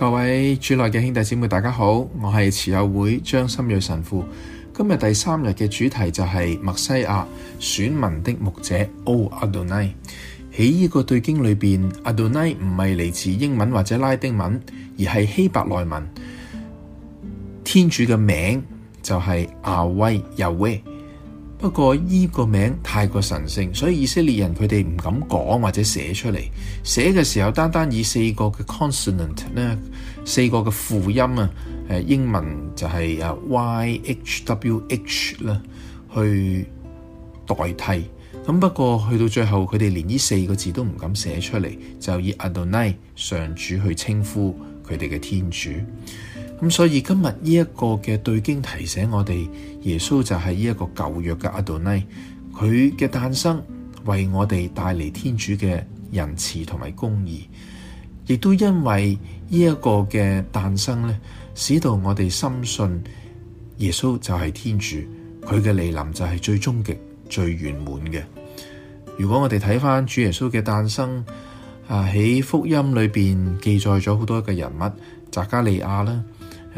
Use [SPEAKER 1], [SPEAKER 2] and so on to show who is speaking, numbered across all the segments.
[SPEAKER 1] 各位主內嘅兄弟姊妹，大家好，我係慈幼會張心銳神父。今日第三日嘅主題就係、是、默西亞選民的牧者，O Adonai，喺呢個對經裏邊 Adonai 唔係嚟自英文或者拉丁文，而係希伯來文。天主嘅名就係雅威 Yahweh。不過依個名太過神聖，所以以色列人佢哋唔敢講或者寫出嚟。寫嘅時候單單以四個嘅 consonant 呢，四個嘅輔音啊，英文就係啊 Y H W H 啦，去代替。咁不過去到最後，佢哋連呢四個字都唔敢寫出嚟，就以 Adonai 上主去稱呼佢哋嘅天主。咁所以今日呢一個嘅對經提醒我哋，耶穌就係呢一個舊約嘅 Adonai，佢嘅誕生為我哋帶嚟天主嘅仁慈同埋公義，亦都因為呢一個嘅誕生咧，使到我哋深信耶穌就係天主，佢嘅來臨就係最終極、最圓滿嘅。如果我哋睇翻主耶穌嘅誕生，啊喺福音裏邊記載咗好多嘅人物，匝加利亞啦。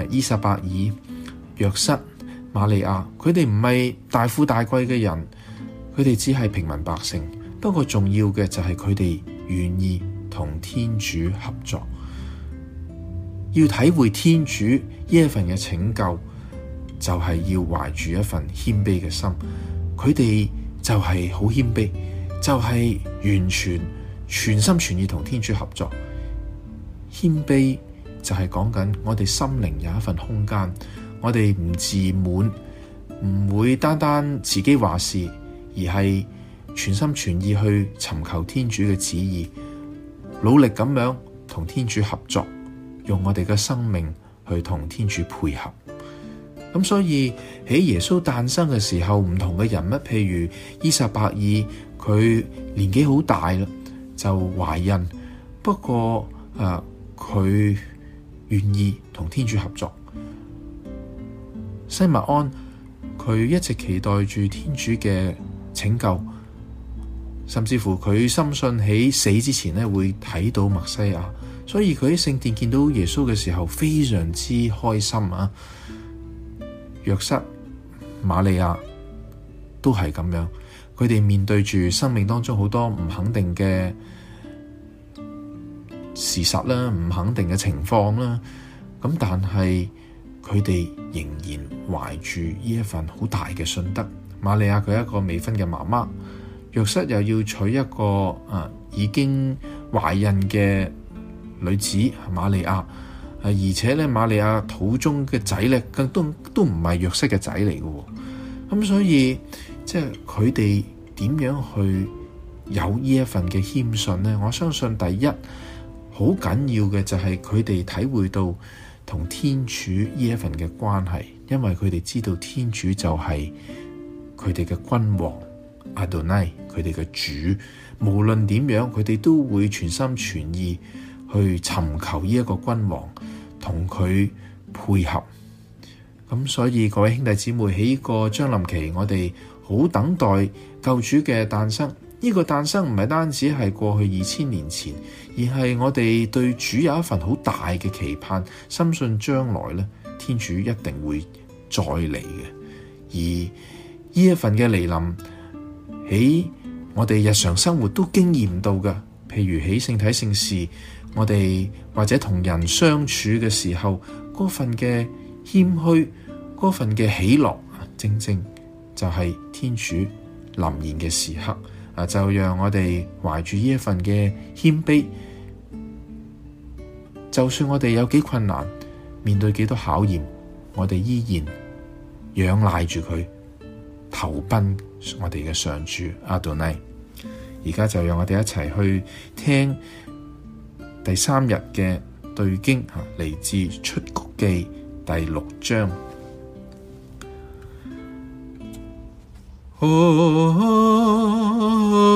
[SPEAKER 1] 依撒伯爾、若瑟、瑪利亞，佢哋唔係大富大貴嘅人，佢哋只係平民百姓。不過重要嘅就係佢哋願意同天主合作，要體會天主呢一份嘅拯救，就係要懷住一份謙卑嘅心。佢哋就係好謙卑，就係完全全心全意同天主合作，謙卑。就係講緊我哋心靈有一份空間，我哋唔自滿，唔會單單自己話事，而係全心全意去尋求天主嘅旨意，努力咁樣同天主合作，用我哋嘅生命去同天主配合。咁所以喺耶穌誕生嘅時候，唔同嘅人物，譬如依撒伯，伯爾，佢年紀好大啦，就懷孕。不過誒，佢、啊。願意同天主合作。西默盎佢一直期待住天主嘅拯救，甚至乎佢深信喺死之前咧，會睇到默西亞，所以佢喺聖殿見到耶穌嘅時候非常之開心啊！若瑟、瑪利亞都係咁樣，佢哋面對住生命當中好多唔肯定嘅。事實啦，唔肯定嘅情況啦，咁但係佢哋仍然懷住呢一份好大嘅信德。瑪利亞佢一個未婚嘅媽媽，若瑟又要娶一個啊已經懷孕嘅女子瑪利亞，誒、啊、而且咧瑪利亞肚中嘅仔咧，更都都唔係若瑟嘅仔嚟嘅喎。咁、啊、所以即係佢哋點樣去有呢一份嘅謙信咧？我相信第一，好緊要嘅就係佢哋體會到同天主呢一份嘅關係，因為佢哋知道天主就係佢哋嘅君王 Adonai，佢哋嘅主，無論點樣，佢哋都會全心全意去尋求呢一個君王，同佢配合。咁所以各位兄弟姊妹喺呢個將臨期，我哋好等待救主嘅誕生。呢個誕生唔係單止係過去二千年前，而係我哋對主有一份好大嘅期盼，深信將來咧天主一定會再嚟嘅。而呢一份嘅嚟臨喺我哋日常生活都經驗到嘅，譬如喺聖體聖事，我哋或者同人相處嘅時候，嗰份嘅謙虛，嗰份嘅喜樂，正正就係天主臨現嘅時刻。啊！就讓我哋懷住呢一份嘅謙卑，就算我哋有幾困難，面對幾多考驗，我哋依然仰賴住佢投奔我哋嘅上主 Adonai。而家就讓我哋一齊去聽第三日嘅對經，嚟自出谷記第六章。
[SPEAKER 2] Oh,